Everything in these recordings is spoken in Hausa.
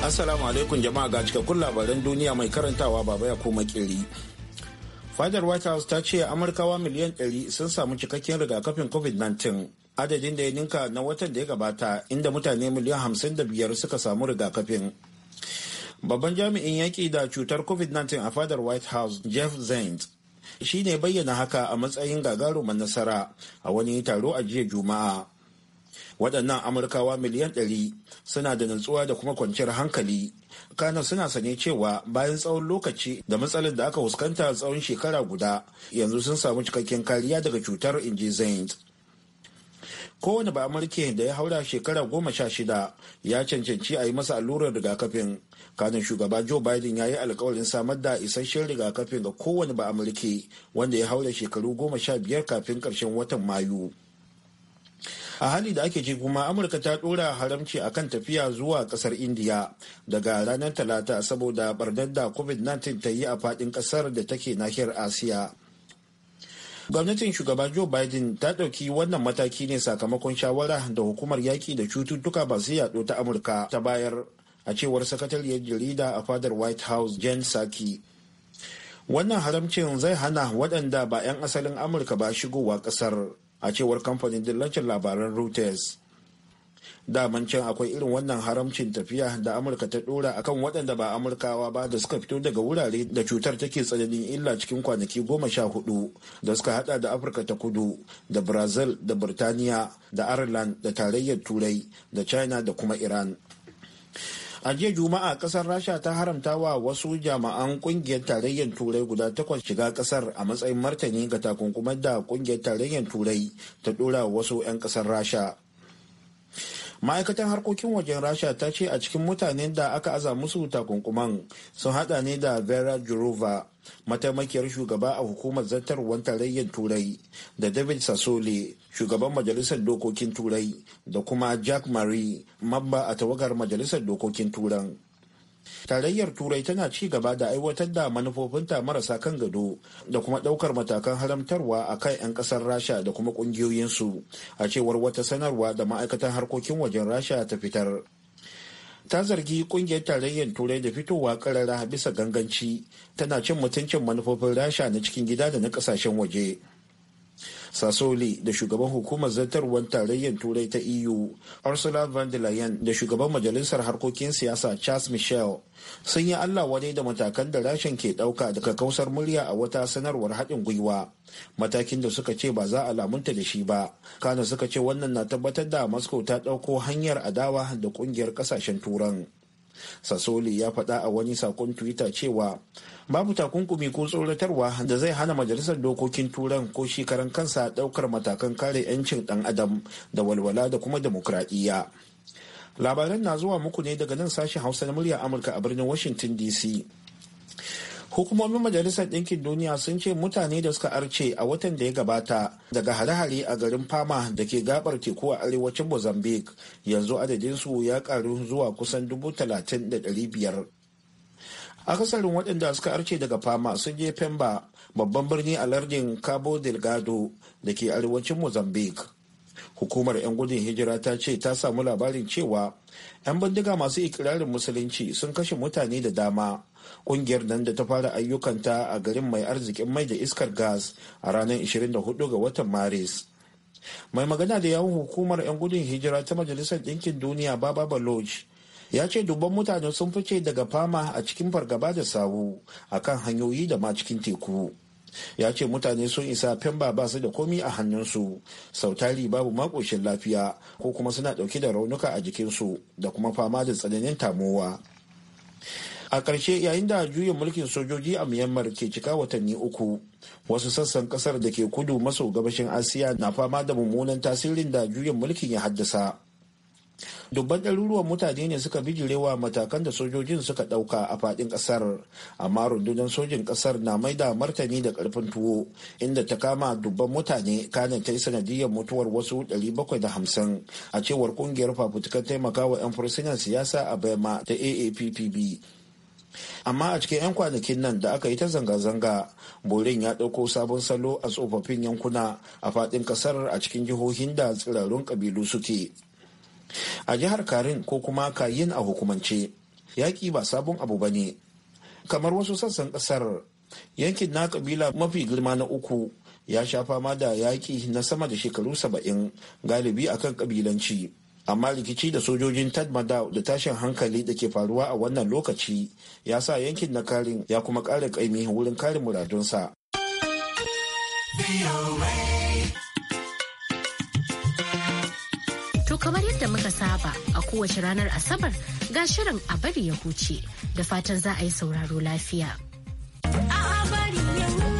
Assalamu alaikum jama'a ga cikakkun labaran duniya mai karantawa baba ya koma kiri. Fadar White House ta ce Amurkawa miliyan 100 sun samu cikakken rigakafin COVID-19 adadin da ya ninka na watan da ya gabata inda mutane miliyan biyar suka samu rigakafin. Babban jami'in yaƙi da cutar COVID-19 a fadar White House Jeff Zients shi ne bayyana haka a matsayin gagarumar nasara a wani taro a jiya Juma'a. waɗannan amurkawa miliyan ɗari suna da nutsuwa da kuma kwanciyar hankali kana suna sane cewa bayan tsawon lokaci da matsalar da aka fuskanta tsawon shekara guda yanzu sun samu cikakken kariya daga cutar inji zaint kowane ba amurke da ya haura shekara goma sha shida ya cancanci a yi masa allurar rigakafin kanin shugaba joe biden ya yi alkawarin samar da isasshen rigakafin ga kowane ba amurke wanda ya haura shekaru goma sha biyar kafin karshen watan mayu a hali da ake ji kuma amurka ta dora haramci akan tafiya zuwa kasar indiya daga ranar talata saboda barnar da covid-19 ta yi a fadin kasar da take nahiyar asiya gwamnatin shugaba joe biden ta ɗauki wannan mataki ne sakamakon shawara da hukumar yaƙi da cututtuka masu yaɗo ta amurka ta bayar a cewar sakatariyar jarida a fadar white house jen saki wannan haramcin zai hana waɗanda ba 'yan asalin amurka ba shigowa ƙasar a cewar kamfanin dillacin labaran reuters daman can akwai irin wannan haramcin tafiya da amurka ta dora akan waɗanda ba amurkawa ba da suka fito daga wurare da cutar take tsananin illa cikin kwanaki goma sha hudu da suka hada da afirka ta kudu da brazil da birtaniya da ireland da tarayyar turai da china da kuma iran a jiya juma'a kasar rasha ta haramta wa wasu jama'an kungiyar tarayyar turai guda takwas shiga kasar a matsayin martani ga takunkumar da kungiyar tarayyar turai ta dora wasu 'yan kasar rasha ma'aikatan harkokin wajen rasha ta ce a cikin mutanen da aka aza musu takunkuman sun hada ne da vera jurova mataimakiyar shugaba a hukumar zartarwar tarayyar turai da david sassoli shugaban majalisar dokokin turai da kuma jack marie mabba a tawagar majalisar dokokin turan tarayyar turai tana ci gaba da aiwatar da manufofinta marasa kan gado da kuma ɗaukar matakan haramtarwa a kan 'yan ƙasar rasha da kuma ƙungiyoyinsu a cewar wata sanarwa da ma'aikatan harkokin wajen rasha ta fitar ta zargi kungiyar tarayyar turai da fitowa karara bisa ganganci tana cin mutuncin manufofin rasha na cikin gida da na kasashen waje Sasoli, da shugaban hukumar zartarwar tarayyar turai ta EU Ursula von der Leyen da shugaban majalisar harkokin siyasa Charles Michel sun yi Allah wani da matakan da rashin ke dauka daga kausar murya a wata sanarwar haɗin gwiwa matakin da suka ce ba za a lamunta da shi ba kana suka ce wannan na tabbatar da Moscow ta ɗauko hanyar adawa da ƙungiyar ƙasashen turan. sasoli ya faɗa a wani sakon Twitter cewa babu takunkumi ko tsoratarwa da zai hana majalisar dokokin turan ko shekaran kansa ɗaukar matakan kare 'yancin ɗan adam da walwala da kuma demokradiyya. Labaran na zuwa muku ne daga nan sashen Hausa na murya Amurka a birnin Washington DC. hukumomin majalisar ɗinkin duniya sun ce mutane da suka arce a watan da ya gabata daga hare-hare a garin fama da ke gabar teku a arewacin mozambique yanzu adadin su ya karu zuwa kusan dubu talatin da ɗari biyar akasarin waɗanda suka arce daga fama sun je pemba babban birni a lardin cabo delgado da ke arewacin mozambique hukumar 'yan gudun hijira ta ce ta samu labarin cewa 'yan bindiga masu ikirarin musulunci sun kashe mutane da dama kungiyar nan da ta fara ayyukanta a garin mai arzikin mai da iskar gas a ranar 24 ga watan maris mai magana da yawun hukumar 'yan gudun hijira ta majalisar ɗinkin duniya baba baloch ya ce dubban mutane sun fice daga fama a cikin fargaba da sawu akan hanyoyi da ma cikin teku ya ce mutane sun isa femba ba su da komi a hannunsu sautari babu makoshin lafiya ko kuma suna dauke da raunuka a jikinsu da kuma fama da tsananin tamowa a ƙarshe yayin da juyin mulkin sojoji a myanmar ke cika watanni uku wasu sassan kasar da ke kudu maso gabashin asiya na fama da mummunan tasirin da juyin mulkin ya haddasa dubban ɗaruruwan mutane ne suka bijirewa matakan da sojojin suka ɗauka a faɗin ƙasar amma rundunar sojin ƙasar na mai da martani da ƙarfin tuwo inda ta kama dubban mutane kanin ta yi sanadiyar mutuwar wasu 750 a cewar ƙungiyar fafutukar taimakawa 'yan fursunan siyasa a bema ta aappb amma a cikin 'yan kwanakin nan da aka yi ta zanga-zanga borin ya ɗauko sabon salo a tsofaffin yankuna a faɗin ƙasar a cikin jihohin da tsirarun ƙabilu suke a jihar karin ko kuma kayin a hukumance yaƙi ba sabon abu ba ne kamar wasu sassan ƙasar yankin na ƙabila mafi girma na uku ya sha fama da yaƙi na sama da shekaru saba'in galibi akan ƙabilanci amma rikici da sojojin tadmadaw da tashin hankali da ke faruwa a wannan lokaci ya sa yankin na karin ya kuma ƙara ƙaimi wurin kare muradunsa. kamar yadda muka saba a kowace ranar Asabar ga shirin a bari ya huce da fatan za a yi sauraro lafiya. A bari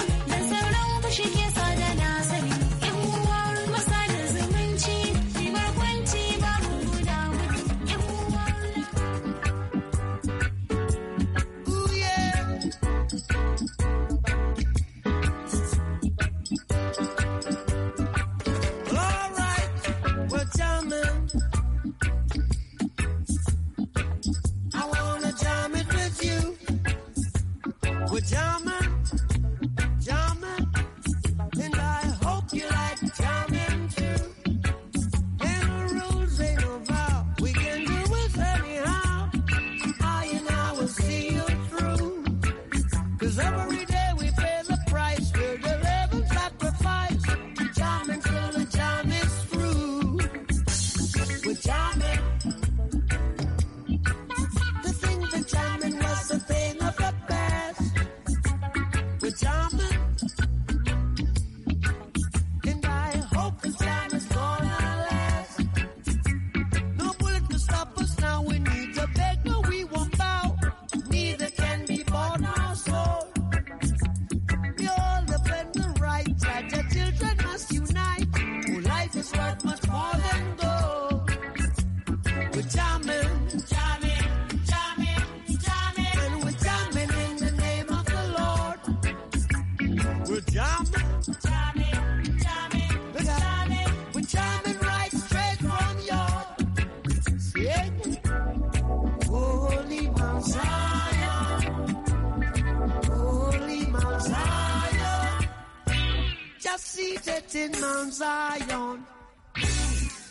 sits in Mount Zion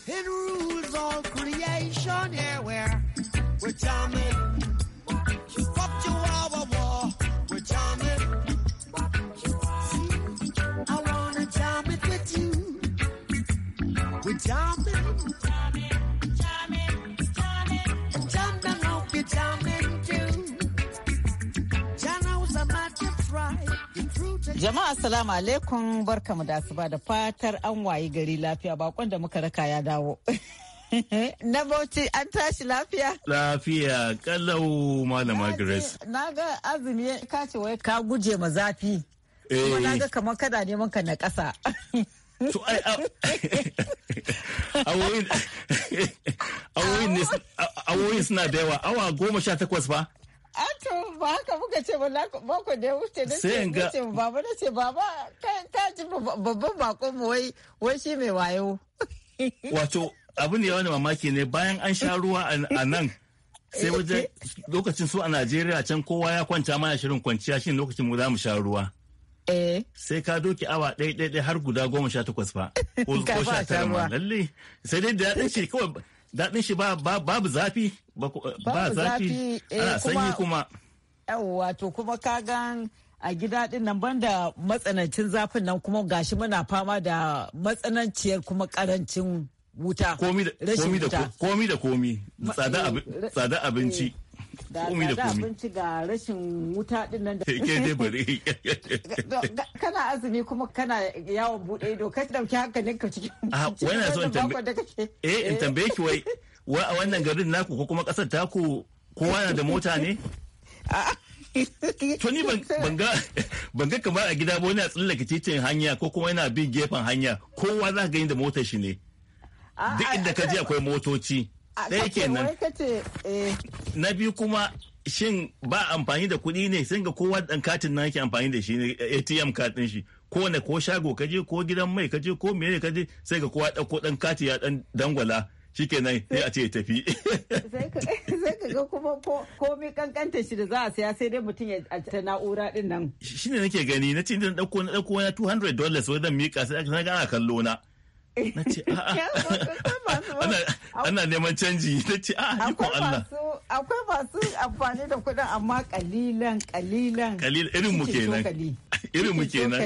and rules all creation. Yeah, we're, we're jamming. We're jamming. I wanna jam it with you. We're jamming. Jama'a salamu alaikum barkamu da asuba da fatar an wayi gari lafiya bakon da muka raka ya dawo. na bauchi an tashi lafiya? Lafiya kalau malama Grace. Na ga azumi ka ce wai ka guje ma zafi. Kuma na ga eh. kamar kada neman ka na ƙasa. To ai awoyin suna da yawa awa goma sha takwas ba. Ato ba haka muka ce mako da ya wuce da ce baba na ce ba ta ji babban bakon mu wai wai shi mai wayo. Wato abu ne wani mamaki ne bayan an sha ruwa a nan sai eh, wajen lokacin su a Najeriya can kowa ya kwanta mana shirin kwanciya shi lokacin mu za mu sha ruwa. Eh. Sai ka doki awa ɗaya ɗaya har guda goma sha takwas fa. Ko sha tara ma lalle. Sai dai da ya ɗan kawai daɗin shi ba babu zafi ba eh, zafi eh, ana sanyi kuma yawwa to kuma ka gan a gida ɗin nan banda matsanancin zafin nan kuma gashi muna fama da matsananciyar kuma karancin wuta komi da komi komi tsada abinci umi da komi abinci ga rashin wuta din nan da ke dai bari kana azumi kuma kana yawon bude ido ka dauki hankalin ka ah, cikin wannan so in tambaye eh in eh. tambaye ki wai a wannan garin naku ko kuma kasar taku kowa na da mota ne ah, to ni ban ga kamar a gida ba wani a tsallaka titin hanya ko kuma yana bin gefen hanya kowa za ka gani da motar shi ne ah, duk inda ka je eh. akwai motoci ɗaya kenan eh. na biyu kuma shin ba amfani da kuɗi ne sun ga kowa ɗan katin na yake amfani da shi ne atm card shi ko ne ko shago ka je ko gidan mai ka je ko mene je sai ga kowa ɗauko ɗan kati ya ɗan dangwala shikenan sai a ce tafi sai ka ga kuma mai kankanta shi da za a saya sai dai mutum ya ta na'ura din nan ne nake gani na ce na ɗauko na ɗauko na 200 dollars wajen mika sai a ga ana kallo na na ce ana neman canji na ce a yi ko Allah akwai masu amfani da kuɗin amma kalilan kalilan kalil irin mu kenan irin mu kenan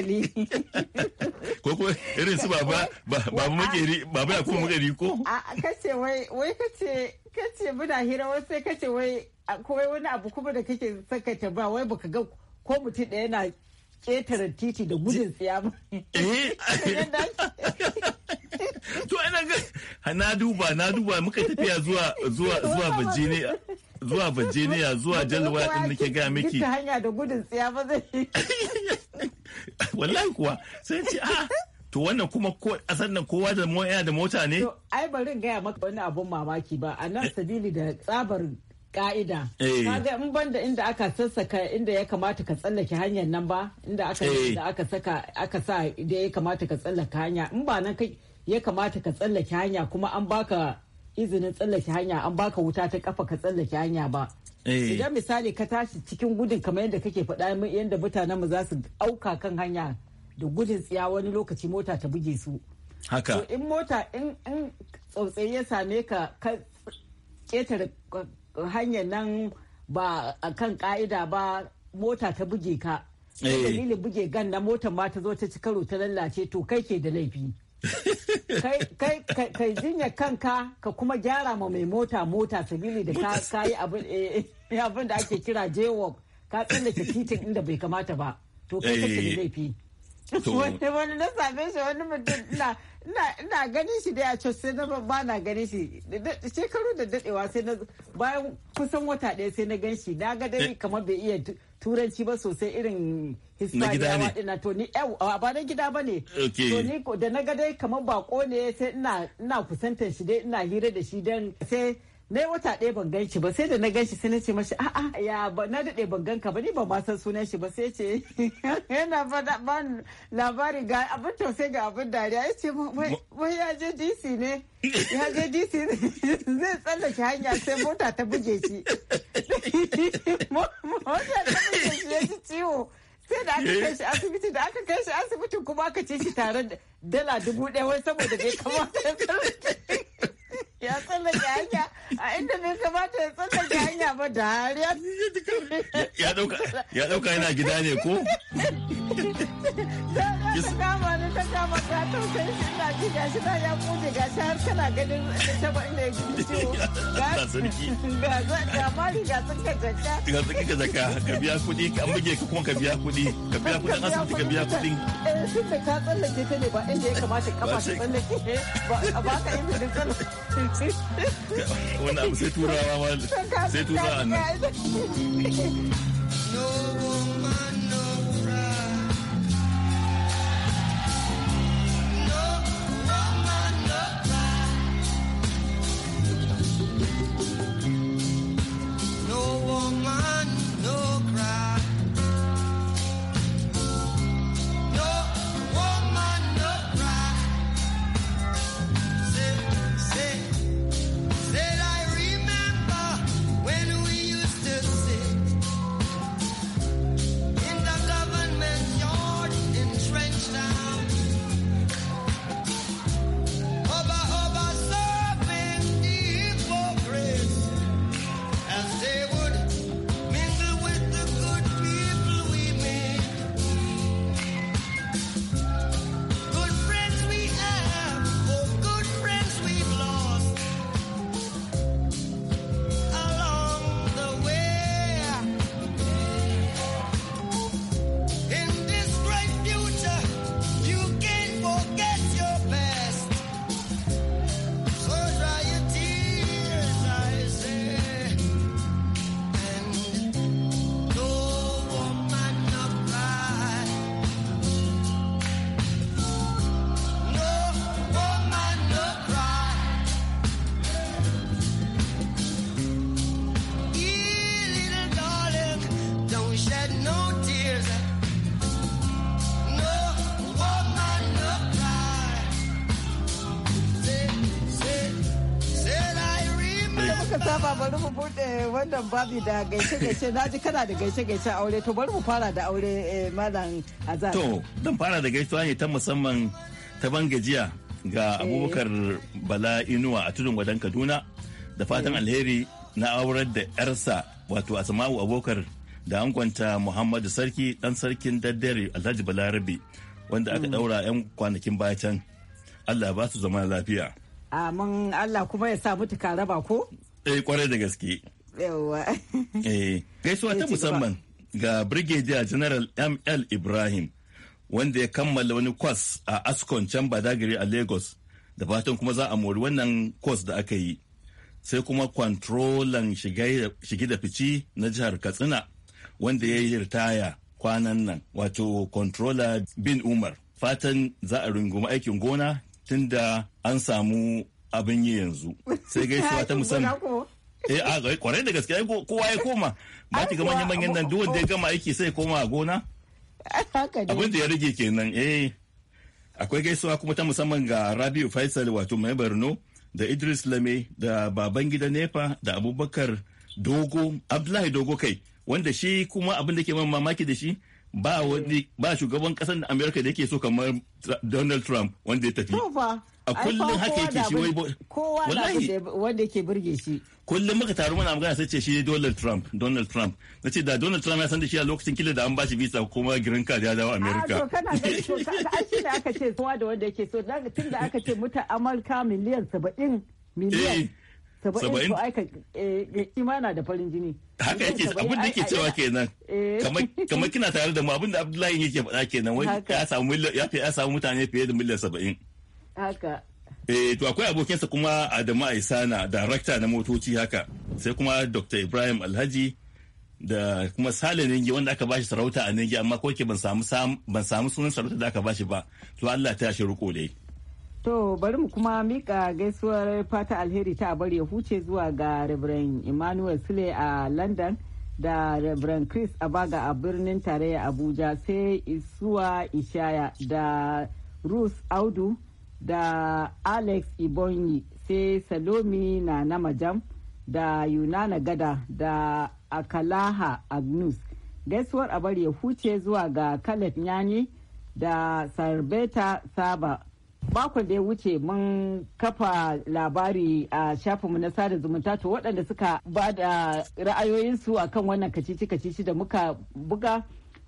ko ko irin su baba baba makeri baba ya kuma makeri ko a kace wai wai kace kace muna hira wai sai kace wai akwai wani abu kuma da kake saka ba wai baka ga ko mutum da yana ketare titi da gudun tsiya ba eh. to ana ga na duba na duba muka tafiya zuwa zuwa zuwa Virginia zuwa ya zuwa Jalwa din nake ga miki ta hanya da gudun tsiya ba zai wallahi kuwa sai ce a ah, to wannan kuma ko a sannan kowa da moya da mota ne to ai bari in gaya maka wani abun mamaki ba a nan eh. sabili da tsabar ka'ida eh. kaga in banda inda aka sassaka inda ya kamata ka tsallake hanyar nan ba inda aka eh. da aka saka aka sa da ya kamata ka tsallaka hanya in ba nan kai ya kamata ka tsallake hanya kuma an baka izinin tsallake hanya an baka wuta ta kafa ka tsallake hanya ba eh. idan misali ka tashi cikin gudun kamar yadda kake faɗa yadda mutanen mu za su auka kan hanya da gudun tsiya wani lokaci mota ta buge su haka to in mota in tsautsayi ya same ka ka ketare hanyar nan ba a kan ka'ida ba mota ta buge ka eh. dalilin buge gan na motar ma ta zo ta ci karo ta lallace to kai ke da laifi kai jinya kanka ka kuma gyara ma mai mota mota sabili da ka yi eh, abin da ake kira jaywalk ka tsallake titin inda bai kamata ba to kai kake da eh. laifi wani na same shi wani mutum ina ina ganin shi da ya ce sai na ba na ganin shi shekaru da dadewa sai na bayan kusan wata daya sai na gan shi na ga dai eh. kamar bai iya turanci ba sosai irin hispaniyawa ɗina to ni ba na gida ba ne to ni da na ga dai kamar bako ne sai ina kusantar shi dai ina hira da shi dan sai na yi wata ɗaya ban ganki ba sai da na ganshi sai na ce mashi a'a ya na daɗe ban ganka ba ni ba ma san sunan shi ba sai ce yana faɗa ban labari ga abin tausayi ga abin dariya ya ce mai ya je DC ne ya je DC zai tsallake hanya sai mota ta buge shi mota ta buge shi ya ji ciwo sai da aka kai shi asibiti da aka kai shi asibitin kuma aka ce shi tare dala dubu ɗaya wai saboda bai kamata ya tsallake hanya a inda bai kamata ya tsallake hanya ba da har ya dauka yana gida ne ko ta kama ni ta kama ta tausayi shi ina ji gashi na ya kuje gashi har kana ganin ta ba ciwo ga sarki ga ga mari ga tsinka ga tsinka ka biya kuɗi ka buge ka kuma ka biya kuɗi ka biya kuɗin asibiti ka biya kuɗin eh da ka tsallake ta ne ba inda ya kamata kafa ta tsallake ba ka yi mijin tsallake wannan abu sai turawa ma sai turawa annan malam babi da gaishe-gaishe na ji kana da gaishe-gaishe aure to bari mu fara da aure eh, malam azar. To dan fara da gaishe ne ta musamman ta ban gajiya ga eh. abubakar bala inuwa a tudun wadan kaduna da fatan eh. alheri na aurar da yarsa wato asma'u abokar da kwanta muhammadu sarki dan sarkin daddare alhaji balarabi wanda aka daura mm. yan kwanakin bacan allah ba su zama lafiya amin allah kuma ya sa mutu raba ko eh kwarai da gaske Eh, gaisuwa ta musamman ga Brigadier General ML Ibrahim wanda ya kammala wani kwas a Ascon can Badagiri a Lagos da fatan kuma za a mori wannan kwas da aka yi. Sai kuma kwantrolan shige da fici na jihar Katsina wanda ya yi ritaya kwanan nan wato controller bin Umar. Fatan za a rungumi aikin gona tunda an samu abin yi yanzu sai gaisuwa ta musamman eh a zai kwarai da gaskiya kowa ya koma ba ta ga manyan manyan nan duk ya oh. gama aiki sai koma gona abin da ya rage kenan eh akwai gaisuwa kuma ta musamman ga Rabiu Faisal wato mai Borno da Idris Lame da baban Babangida nepa da Abubakar Dogo Abdullahi Dogo kai wanda shi kuma abin da ke man mamaki da shi ba wani ba shugaban kasar Amerika da yake so kamar Donald Trump wanda ya tafi. a kullum haka yake shi wai wallahi wanda ke burge shi kullum muka taru muna magana sai ce shi Donald Trump Donald Trump na ce da Donald Trump ya san da shi a lokacin kila da an ba shi visa kuma girin card ya dawo America to kana ga shi da aka ce kowa da wanda yake so tun da aka ce muta Amurka miliyan 70 miliyan eh, saba'in to aika eh, eh, imana da farin jini haka yake abin da yake cewa kenan kamar kina tare da mu abin da Abdullahi yake faɗa kenan wai ya samu ya samu mutane fiye da miliyan saba'in haka eh to akwai abokinsa kuma Adamu Aisana darakta na motoci haka sai kuma Dr Ibrahim Alhaji da kuma Sale Ningi wanda aka bashi sarauta a Ningi amma ko ke ban samu ban samu sunan sarauta da aka bashi ba to Allah ta shi ruko dai To bari mu kuma mika gaisuwar fata alheri ta bar ya huce zuwa ga Reverend Emmanuel Sule a London da Reverend Chris Abaga a birnin tarayya Abuja sai Isuwa Ishaya da Ruth Audu da alex ibonyi sai salomi na namajam da yunana gada da akalaha agnus gaisuwar a bari ya huce zuwa ga khaled nyani da sarbeta saba makon da ya wuce mun kafa labari a shafinmu na sada zumunta to waɗanda suka ba da ra'ayoyinsu akan wannan kacici-kacici da muka buga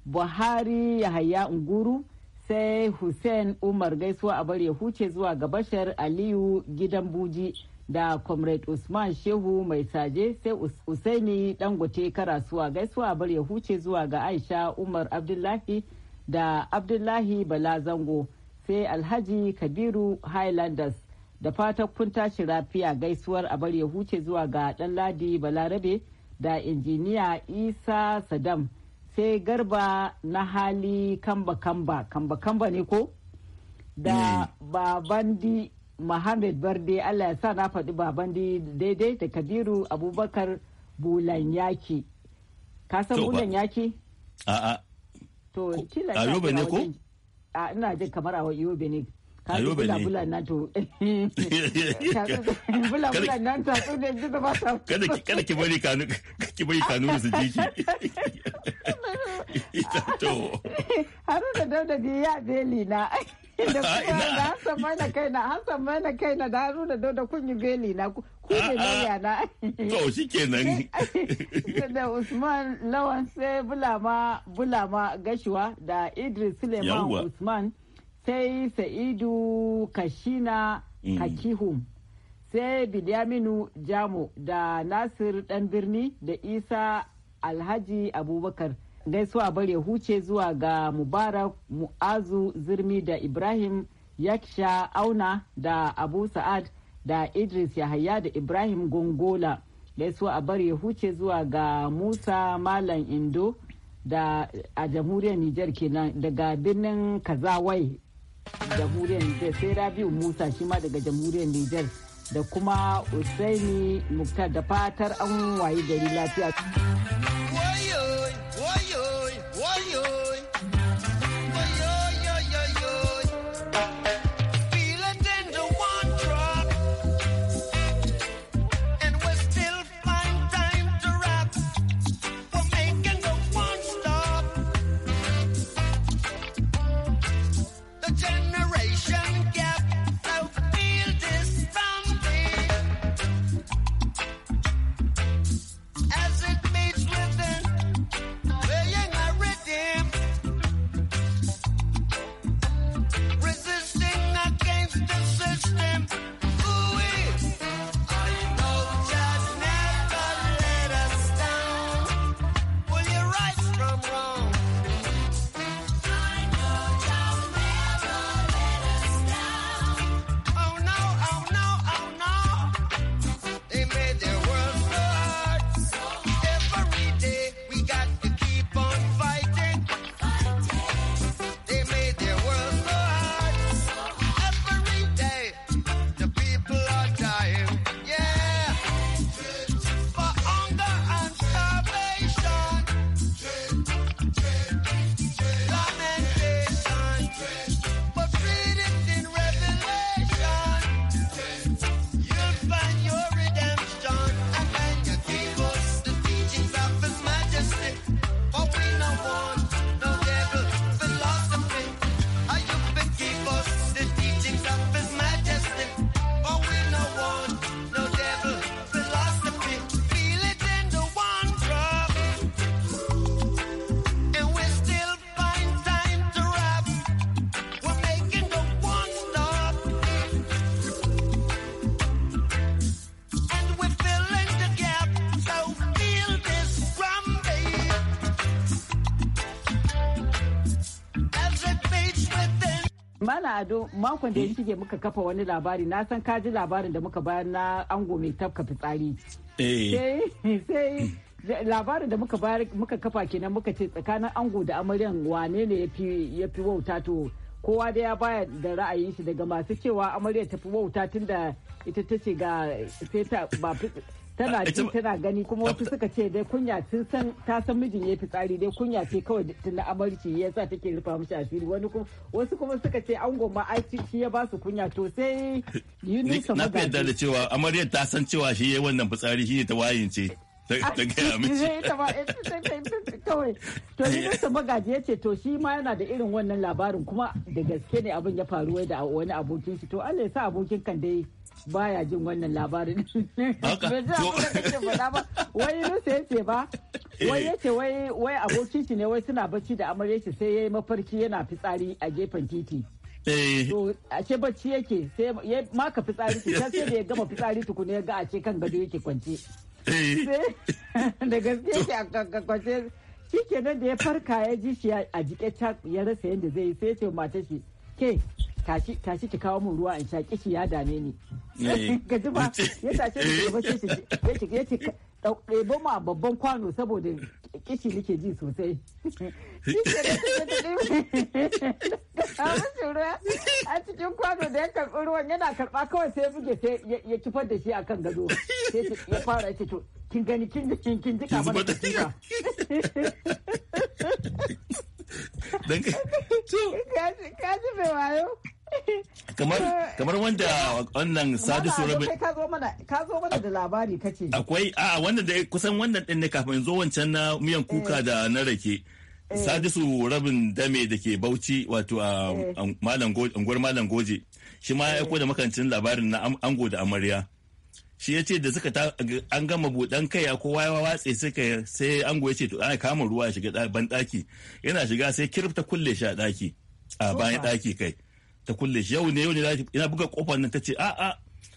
buhari ya yahaya unguru sai hussein umar gaisuwa a bar ya huce zuwa ga bashar aliyu gidan buji da comrade usman shehu mai saje sai usaini dangote karasuwa gaisuwa a bar ya huce zuwa ga aisha umar abdullahi da abdullahi bala zango sai alhaji kabiru highlanders da fatan kun tashi rafiya gaisuwar a bar ya huce zuwa ga ɗanladi balarabe da injiniya isa sadam sai garba na hali kamba kamba kamba kamba ne ko da eh. babandi Muhammad Barde Allah ya sa na faɗi babandi daidai da Kabiru Abubakar Bulan Yaki. kasan Bulan Yaki? a To, ne ko? A ina jin kamar a yobe ne. ayo bane bula da kada ki bari kanu ki bari kanu su ji ki haru da dauda bi ya beli na da kuma da hasan kaina hasan mana kaina da haru da dauda kun yi beli na ku ne lauya na to da Usman Lawan sai bulama bulama gashuwa da Idris Suleiman Usman sai sa'idu kashina mm. kakihum sai bilyaminu jamo da nasir dan birni da isa alhaji abubakar gaisuwa bare huce zuwa ga mubarak mu'azu zirmi da ibrahim yaksha auna da abu sa'ad da idris yahaya da ibrahim gongola gaisuwa a bare huce zuwa ga musa malam indo da a jamhuriyar nijar kenan daga birnin kazawai jamhuriyar nijar sai rabiu musa shi ma daga jamhuriyar nijar da kuma usaini muktar da fatar an wayi gari lafiya Malam Ado makon da ya shige muka kafa wani labari na san ka ji labarin da muka bayar na ango mai tafka fitsari. Eh. Sai labarin da muka bayar muka kafa kenan muka ce tsakanin ango da amaryan wane ne ya fi wauta to kowa da ya baya da ra'ayin shi daga masu cewa amarya ta fi wauta tun da ita ta ce ga sai ta ba tana ci tana gani kuma wasu suka ce dai kunya sun san ta san mijin ya fitsari dai kunya ce kawai tunda amarci ya sa take rufa mishi asiri wani kuma wasu kuma suka ce an goma ai shi ya ba su kunya to sai Yunusa na fiyar da cewa amaryar ta san cewa shi ya yi wannan fitsari shi ne ta wayince ta ah, gaya mishi. Eh, kawai, to Yunusa magaji ya ce to shi ma yana da irin wannan labarin kuma da gaske ne abin ya faru da wani abokin shi to Allah ya sa abokin kan dai baya jin wannan labarin wai nusa ya ce ba wai ya eh. ce wai abokin shi ne wai suna bacci da amarya ce sai ya yi mafarki yana fitsari a gefen titi eh. a ce bacci yake sai ya maka fitsari ce sai da ya gama fitsari tukuna ya ga a ce kan gado yake kwance eh. da gaske yake a kwance shi kenan da ya farka ya ji shi a jike ya rasa yadda zai sai ya ce matashi, ke tashi tashi ki kawo mun ruwa in sha kishi ya dame ni eh. gaji ba ya tashi ni ba ce shi ya ce ɗebo ma babban kwano saboda kishi nake ji sosai a cikin kwano da ya karɓi ruwan yana karɓa kawai sai ya buge sai ya kifar da shi akan gado sai ya fara ya to kin gani kin kin kin jika mana kika dan ka ji mai wayo kamar wanda wannan sadisu rabi ka zo mana da labari kace akwai a wannan da kusan wannan din ne kafin zo wancan na miyan kuka eh. da na rake eh. su rabin dame da ke bauchi wato a eh. unguwar malam goje shi ma ya da makancin labarin na ango da amarya shi ya ce da suka an gama buɗan kai a kowa ya watse suka sai ango ya ce to ana kama ruwa ya shiga ban ɗaki yana shiga sai kirfta kulle shi a ɗaki a bayan ɗaki kai ta kulle shi yau ne yau ne ina buga kofar nan ta ce a'a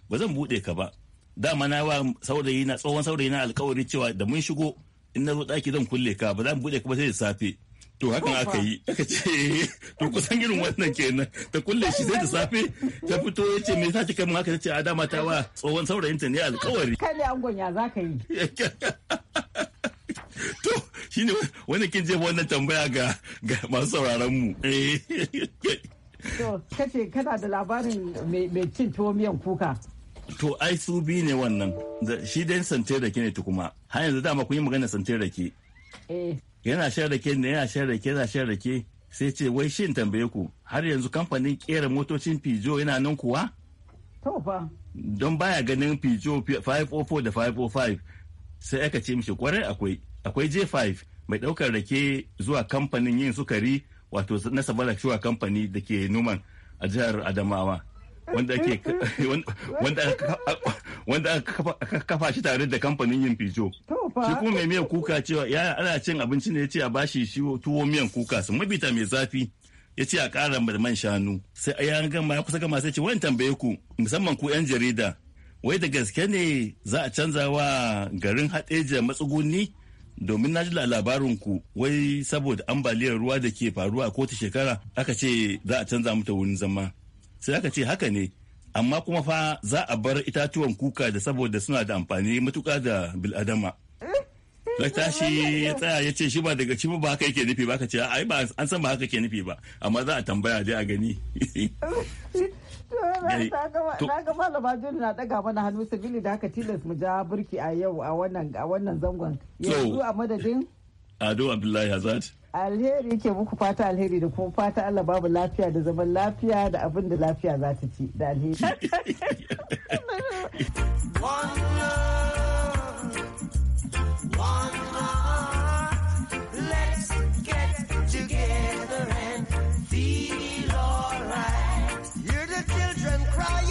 ba zan buɗe ka ba dama na wa saurayi na tsohon saurayi na alkawari cewa da mun shigo in na zo daki zan kulle ka ba zan bude buɗe ka ba sai da safe to hakan aka yi aka ce to kusan irin wannan kenan ta kulle shi sai da safe ta fito ya ce me yasa kika mun haka ce a dama ta wa tsohon saurayin ta ne alkawari kai ne angon ya zaka yi to shine wani kin je wannan tambaya ga masu sauraron mu eh. To, kace kana da labarin mai cin tuwo miyan kuka. To, ai su biyu ne wannan. Shi dai santai rake ne kuma Har yanzu dama kun yi magana santai rake. Eh. Yana shan rake ne, yana shan rake, yana shan rake. Sai ce, wai shin tambaye ku, har yanzu kamfanin kera motocin Pijo yana nan kuwa? To fa. Don baya ganin Pijo 504 da 505 sai aka ce mishi kwarai akwai. Akwai J5 mai ɗaukar rake zuwa kamfanin yin sukari wato na sabala shuwa kamfani da ke numan a jihar adamawa wanda aka kafa shi tare da kamfanin yin fijo shi kuma mai miyan kuka cewa ya ana cin abinci ne ya ce a bashi shi tuwo miyan kuka su mabita mai zafi ya ce a kara man shanu sai a yan gama ya kusa gama sai ce wani tambaye ku musamman ku yan jarida wai da gaske ne za a canza wa garin haɗeja matsuguni domin na ji labarin ku wai saboda ambaliyar ruwa da ke faruwa a ta shekara aka ce za a canza mata wurin zama sai aka ce haka ne amma kuma fa za a bar itatuwan kuka da saboda suna da amfani matuka da bil'adama ya tashi ya tsaya ya ce shi ba daga cibi ba haka yake nufi ba ka ce ai ba an san ba haka ke nufi ba amma za a tambaya dai a gani Na ga malama jini na daga mana hannu sabili da haka tilas mu ja burki a yau a wannan zangon. Yanzu a madadin? Ado Abdullahi Hazard. Alheri ke muku fata alheri da kuma fata Allah babu lafiya da zaman lafiya da abin da lafiya za ta ci da alheri. Mariah.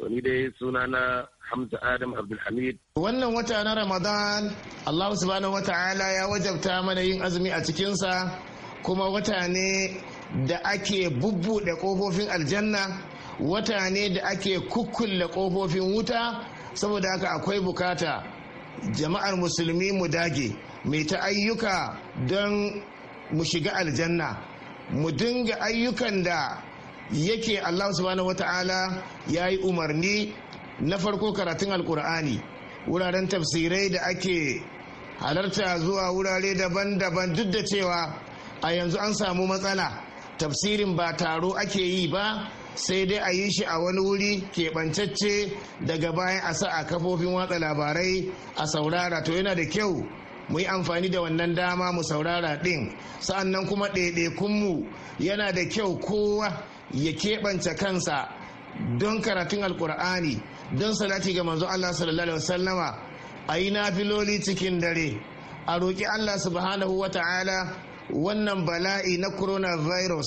To ni dai na Hamza Adam Abdulhamid. Wannan wata na Ramadan Allah subhanahu Ta'ala ya wajabta mana yin azumi a cikinsa kuma wata ne da ake bubbuɗe ƙofofin aljanna wata ne da ake kukkulle ƙofofin wuta saboda haka akwai bukata jama'ar musulmi mu dage mai ta ayyuka don mu shiga aljanna mu dinga ayyukan da yake Allah subhanahu wata'ala ya yi umarni na farko karatun alkur'ani wuraren tafsirai da ake halarta zuwa wurare daban-daban duk da cewa a yanzu an samu matsala tafsirin ba taro ake yi ba sai dai a yi shi a wani wuri keɓantacce daga bayan a sa a kafofin watsa labarai a saurara to yana da kyau mu yi amfani da wannan dama mu saurara ɗin sa'annan kuma ɗaiɗaikunmu yana da kyau kowa ya keɓance kansa don karatun alkur'ani don salati ga manzo Allah sallallahu alaihi wasallama a yi nafiloli cikin dare a roƙi Allah subhanahu wa ta'ala wannan bala'i na corona virus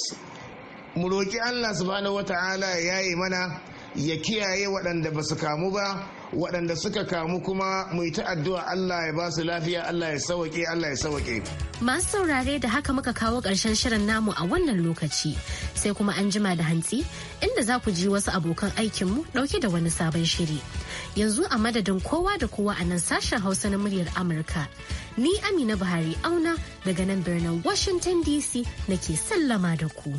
mu roƙi Allah subhanahu wa ta'ala ya yi mana ya kiyaye waɗanda ba su kamu ba waɗanda suka kamu kuma mu yi addu'a Allah ya ba su lafiya Allah ya sawake Allah ya sawake masu saurare da haka muka kawo ƙarshen shirin namu a wannan lokaci sai kuma an jima da hantsi inda za ku ji wasu abokan aikinmu ɗauke da wani sabon shiri yanzu a madadin kowa da kowa a nan sashen hausa na muryar amurka ni amina buhari auna daga nan birnin washington dc nake sallama da ku.